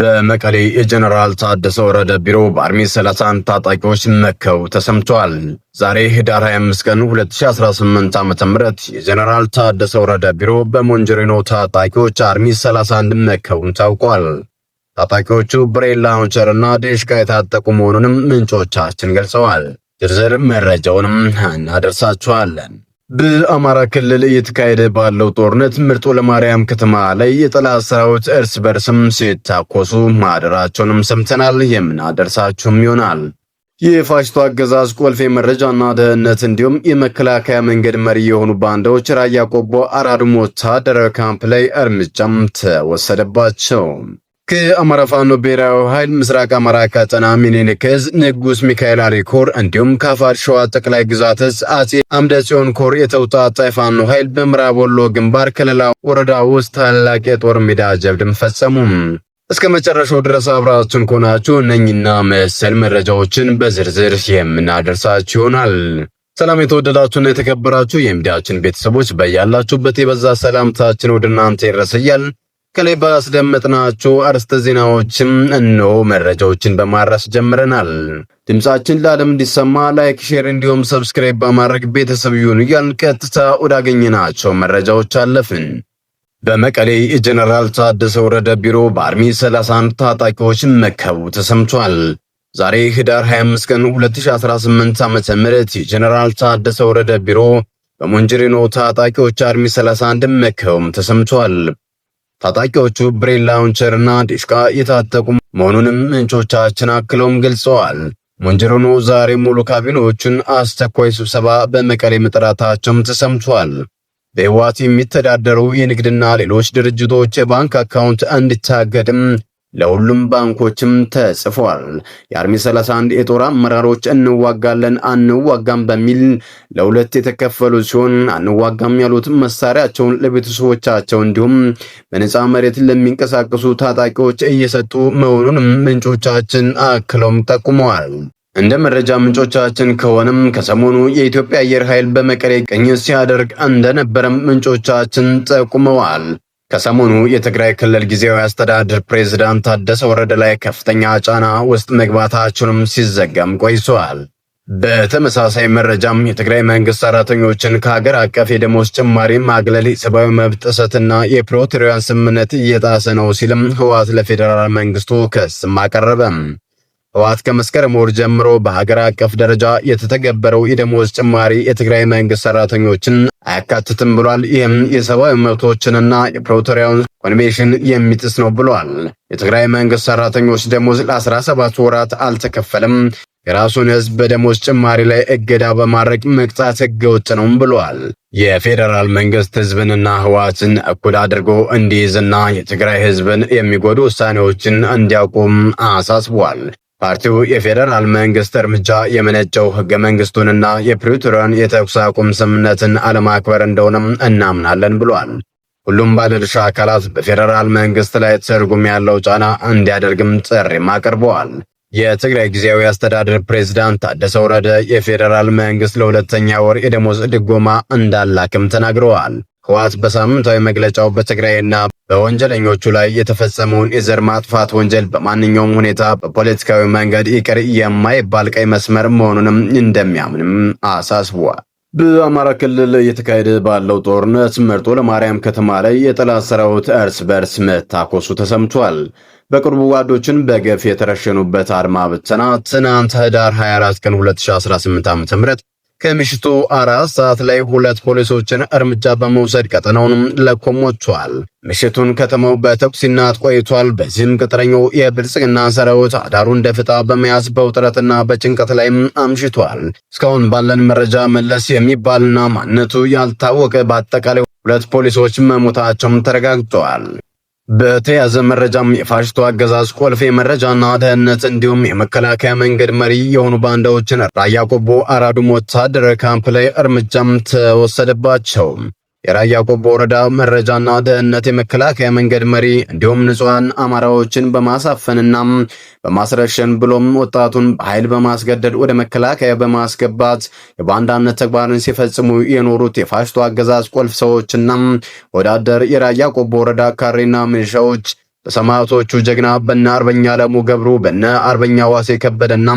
በመቀሌ የጀነራል ታደሰ ወረደ ቢሮ በአርሚ 30 ታጣቂዎች መከው ተሰምቷል። ዛሬ ህዳር 25 ቀን 2018 ዓ.ም የጀነራል ታደሰ ወረደ ቢሮ በሞንጀሪኖ ታጣቂዎች አርሚ 31 መከውን ታውቋል። ታጣቂዎቹ ብሬን ላውንቸር እና ዴሽቃ የታጠቁ መሆኑንም ምንጮቻችን ገልጸዋል። ዝርዝር መረጃውንም እናደርሳችኋለን። በአማራ ክልል እየተካሄደ ባለው ጦርነት ምርጦ ለማርያም ከተማ ላይ የጠላት ሰራዊት እርስ በርስም ሲታኮሱ ማደራቸውንም ሰምተናል። የምናደርሳችሁም ይሆናል። የፋሽስቱ አገዛዝ ቁልፍ የመረጃና ደህንነት እንዲሁም የመከላከያ መንገድ መሪ የሆኑ ባንዳዎች ራያ ቆቦ አራዱም ወታደራዊ ካምፕ ላይ እርምጃም ተወሰደባቸው። ከአማራ ፋኖ ብሔራዊ ኃይል ምስራቅ አማራ ቀጠና ምኒልክ ንጉስ ሚካኤል አሪኮር እንዲሁም ከአፋር ሸዋ ጠቅላይ ግዛት ዕዝ አጼ አምደ ጽዮን ኮር የተውጣጣ የፋኖ ኃይል በምዕራብ ወሎ ግንባር ከለላ ወረዳ ውስጥ ታላቅ የጦር ሜዳ ጀብድም ፈጸሙ። እስከ መጨረሻው ድረስ አብራችን ከሆናችሁ እነኝና መሰል መረጃዎችን በዝርዝር የምናደርሳችሁ ይሆናል። ሰላም የተወደዳችሁና የተከበራችሁ የሚዲያችን ቤተሰቦች በያላችሁበት የበዛ ሰላምታችን ወደ እናንተ ይድረስ እያልን ከላይ ባስደመጥናችሁ አርዕስተ ዜናዎችም እነሆ መረጃዎችን በማድረስ ጀምረናል። ድምጻችን ለዓለም እንዲሰማ ላይክ፣ ሼር እንዲሁም ሰብስክራይብ በማድረግ ቤተሰብ ይሁኑ እያልን ቀጥታ ወዳገኘናቸው መረጃዎች አለፍን። በመቀሌ የጀነራል ታደሰ ወረደ ቢሮ በአርሚ 31 ታጣቂዎች መከቡ ተሰምቷል። ዛሬ ህዳር 25 ቀን 2018 ዓመተ ምህረት የጀነራል ታደሰ ወረደ ቢሮ በሞንጀሪኖ ታጣቂዎች አርሚ 31 መከቡም ተሰምቷል። ታጣቂዎቹ ብሬን እና ዲሽቃ የታጠቁ መሆኑንም ምንጮቻችን አክለውም ገልጸዋል። ሞንጀሮኖ ዛሬ ሙሉ ካቢኔዎቹን አስቸኳይ ስብሰባ በመቀሌ መጥራታቸውም ተሰምቷል። በህወሓት የሚተዳደሩ የንግድና ሌሎች ድርጅቶች የባንክ አካውንት እንዲታገድም ለሁሉም ባንኮችም ተጽፏል። የአርሚ 31 የጦር አመራሮች እንዋጋለን አንዋጋም በሚል ለሁለት የተከፈሉ ሲሆን አንዋጋም ያሉት መሳሪያቸውን ለቤተሰቦቻቸው እንዲሁም በነፃ መሬት ለሚንቀሳቀሱ ታጣቂዎች እየሰጡ መሆኑንም ምንጮቻችን አክለውም ጠቁመዋል። እንደ መረጃ ምንጮቻችን ከሆነም ከሰሞኑ የኢትዮጵያ አየር ኃይል በመቀሌ ቅኝት ሲያደርግ እንደነበረም ምንጮቻችን ጠቁመዋል። ከሰሞኑ የትግራይ ክልል ጊዜያዊ አስተዳደር ፕሬዝዳንት ታደሰ ወረደ ላይ ከፍተኛ ጫና ውስጥ መግባታቸውንም ሲዘገም ቆይተዋል። በተመሳሳይ መረጃም የትግራይ መንግስት ሰራተኞችን ከሀገር አቀፍ የደሞዝ ጭማሪ ማግለል ሰብአዊ መብት ጥሰትና የፕሪቶሪያን ስምምነት እየጣሰ ነው ሲልም ህወሓት ለፌዴራል መንግስቱ ክስም አቀረበም። ህወሓት ከመስከረም ወር ጀምሮ በሀገር አቀፍ ደረጃ የተተገበረው የደሞዝ ጭማሪ የትግራይ መንግስት ሰራተኞችን አያካትትም ብሏል። ይህም የሰብአዊ መብቶችንና የፕሪቶሪያውን ኮንቬንሽን የሚጥስ ነው ብሏል። የትግራይ መንግስት ሰራተኞች ደሞዝ ለ17 ወራት አልተከፈልም፣ የራሱን ህዝብ በደሞዝ ጭማሪ ላይ እገዳ በማድረግ መቅጣት ህገወጥ ነው ብሏል። የፌዴራል መንግስት ህዝብንና ህወሓትን እኩል አድርጎ እንዲይዝና የትግራይ ህዝብን የሚጎዱ ውሳኔዎችን እንዲያቆም አሳስቧል። ፓርቲው የፌዴራል መንግስት እርምጃ የመነጨው ህገ መንግስቱንና የፕሪቶሪያን የተኩስ አቁም ስምምነትን አለማክበር እንደሆነም እናምናለን ብሏል። ሁሉም ባለድርሻ አካላት በፌዴራል መንግስት ላይ ትርጉም ያለው ጫና እንዲያደርግም ጥሪም አቅርበዋል። የትግራይ ጊዜያዊ አስተዳደር ፕሬዝዳንት ታደሰ ወረደ የፌዴራል መንግስት ለሁለተኛ ወር የደሞዝ ድጎማ እንዳላክም ተናግረዋል። ህወሓት በሳምንታዊ መግለጫው በትግራይና በወንጀለኞቹ ላይ የተፈጸመውን የዘር ማጥፋት ወንጀል በማንኛውም ሁኔታ በፖለቲካዊ መንገድ ይቅር የማይባል ቀይ መስመር መሆኑንም እንደሚያምንም አሳስቧል። በአማራ ክልል እየተካሄደ ባለው ጦርነት መርጦ ለማርያም ከተማ ላይ የጠላት ሰራዊት እርስ በርስ መታኮሱ ተሰምቷል። በቅርቡ ዋዶችን በገፍ የተረሸኑበት አድማ ብተና ትናንት ህዳር 24 ቀን 2018 ዓ.ም ከምሽቱ አራት ሰዓት ላይ ሁለት ፖሊሶችን እርምጃ በመውሰድ ቀጠናውንም ለቆም ወጥቷል። ምሽቱን ከተማው በተኩስ ቆይቷል። በዚህም ቅጥረኛው የብልጽግና ሰራዊት አዳሩን ደፍጣ በመያዝ በውጥረትና በጭንቀት ላይም አምሽቷል። እስካሁን ባለን መረጃ መለስ የሚባልና ማንነቱ ያልታወቀ በአጠቃላይ ሁለት ፖሊሶች መሞታቸውም ተረጋግጠዋል። በተያዘ መረጃም የፋሽስቱ አገዛዝ ቆልፍ የመረጃና ደህንነት እንዲሁም የመከላከያ መንገድ መሪ የሆኑ ባንዳዎችን ራያ ቆቦ አራዱም ወታደራዊ ካምፕ ላይ እርምጃም ተወሰደባቸው። የራያ ቆቦ ወረዳ መረጃና ደህንነት የመከላከያ መንገድ መሪ እንዲሁም ንጹሐን አማራዎችን በማሳፈንና በማስረሸን ብሎም ወጣቱን በኃይል በማስገደድ ወደ መከላከያ በማስገባት የባንዳነት ተግባርን ሲፈጽሙ የኖሩት የፋሽቶ አገዛዝ ቆልፍ ሰዎችና ወዳደር የራያ ቆቦ ወረዳ ካሬና ሚሊሻዎች በሰማዕቶቹ ጀግና በነ አርበኛ አለሙ ገብሩ በነ አርበኛ ዋሴ ከበደና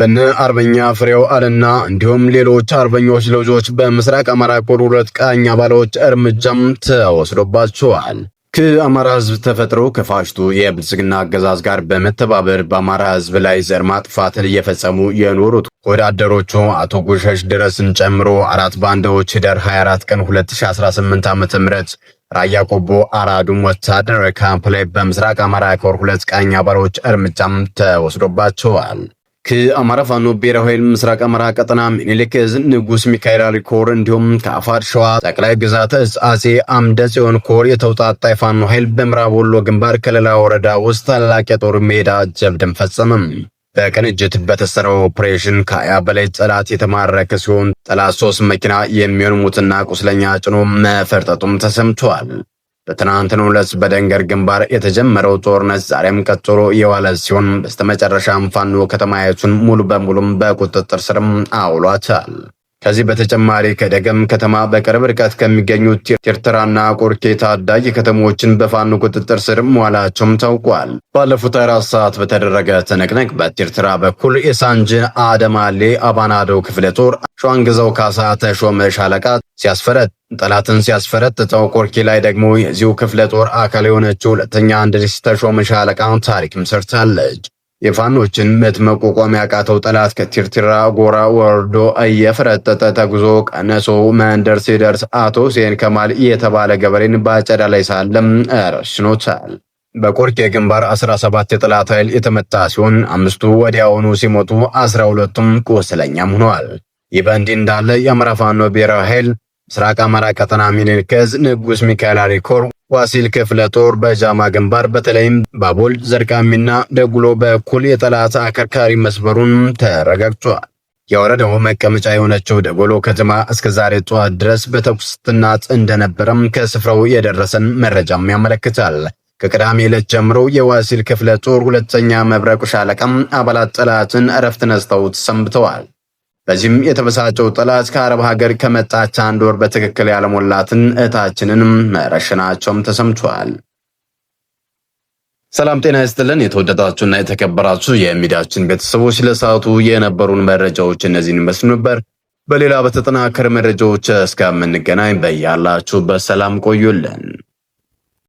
በነ አርበኛ ፍሬው አለና እንዲሁም ሌሎች አርበኞች ልጆች በምስራቅ አማራ ኮር ሁለት ቃኝ አባሎች እርምጃም ተወስዶባቸዋል። ከአማራ ህዝብ ተፈጥሮ ከፋሽቱ የብልጽግና አገዛዝ ጋር በመተባበር በአማራ ህዝብ ላይ ዘር ማጥፋትን እየፈጸሙ የኖሩት ወዳደሮቹ አቶ ጉሸሽ ድረስን ጨምሮ አራት ባንዳዎች ህዳር 24 ቀን 2018 ዓ.ም ራያ ቆቦ አራዱም ወታደራዊ ካምፕ ላይ በምስራቅ አማራ ኮር ሁለት ቃኝ አባሎች እርምጃም ተወስዶባቸዋል። ከአማራ ፋኖ ብሔራዊ ኃይል ምስራቅ አማራ ቀጠና ምኒልክ ንጉስ ሚካኤል አሊ ኮር እንዲሁም ከአፋር ሸዋ ጠቅላይ ግዛት ዕዝ አጼ አምደ ጽዮን ኮር የተውጣጣ የፋኖ ኃይል በምዕራብ ወሎ ግንባር ከለላ ወረዳ ውስጥ ታላቅ የጦር ሜዳ ጀብድን ፈጸመም። በቅንጅት በተሰራው ኦፕሬሽን ከሀያ በላይ ጠላት የተማረከ ሲሆን ጠላት ሶስት መኪና የሚሆን ሙትና ቁስለኛ ጭኖ መፈርጠጡም ተሰምቷል። በትናንትናው ዕለት በደንገር ግንባር የተጀመረው ጦርነት ዛሬም ቀጥሎ የዋለ ሲሆን በስተመጨረሻም ፋኖ ከተማይቱን ሙሉ በሙሉም በቁጥጥር ስርም አውሏታል። ከዚህ በተጨማሪ ከደገም ከተማ በቅርብ ርቀት ከሚገኙት ቴርትራና ቆርኬ ታዳጊ ከተሞችን በፋኖ ቁጥጥር ስር መዋላቸውም ታውቋል። ባለፉት አራት ሰዓት በተደረገ ትንቅንቅ በቴርትራ በኩል የሳንጅን አደማሌ አባናዶ ክፍለ ጦር ሸዋንግዛው ካሳ ተሾመ ሻለቃ ሲያስፈረድ ጠላትን ሲያስፈረጥጠው ቆርኪ ላይ ደግሞ የዚሁ ክፍለ ጦር አካል የሆነችው ሁለተኛ አንድሪስ ተሾመ ሻለቃ ታሪክም ሰርታለች። የፋኖችን ምት መቋቋም ያቃተው ጠላት ከቲርቲራ ጎራ ወርዶ እየፈረጠጠ ተጉዞ ቀነሶ መንደር ሲደርስ አቶ ሁሴን ከማል የተባለ ገበሬን በአጨዳ ላይ ሳለም ረሽኖታል። በቆርኪ ግንባር 17 የጠላት ኃይል የተመታ ሲሆን አምስቱ ወዲያውኑ ሲሞቱ 12ቱም ቁስለኛም ሆነዋል። ይህ በእንዲህ እንዳለ የአማራ ፋኖ ብሔራዊ ኃይል ምስራቅ አማራ ቀጠና ምኒልክ ከዝ ንጉስ ሚካኤል አሪኮር ዋሲል ክፍለ ጦር በጃማ ግንባር በተለይም ባቦል ዘርቃሚና ደጉሎ በኩል የጠላት አከርካሪ መስበሩን ተረጋግጧል። የወረዳው መቀመጫ የሆነችው ደጎሎ ከተማ እስከ ዛሬ ጠዋት ድረስ በተኩስ ስትናጥ እንደነበረም ከስፍራው የደረሰን መረጃም ያመለክታል። ከቅዳሜ ዕለት ጀምሮ የዋሲል ክፍለ ጦር ሁለተኛ መብረቁ ሻለቃም አባላት ጠላትን እረፍት ነስተውት ሰንብተዋል። በዚህም የተበሳጨው ጠላት ከአረብ ሀገር ከመጣች አንድ ወር በትክክል ያለሞላትን እህታችንን መረሸናቸውም ተሰምቷል። ሰላም ጤና ይስጥልን። የተወደዳችሁና የተከበራችሁ የሚዲያችን ቤተሰቦች ለሰዓቱ የነበሩን መረጃዎች እነዚህን ይመስሉ ነበር። በሌላ በተጠናከረ መረጃዎች እስከምንገናኝ በያላችሁበት ሰላም ቆዩልን።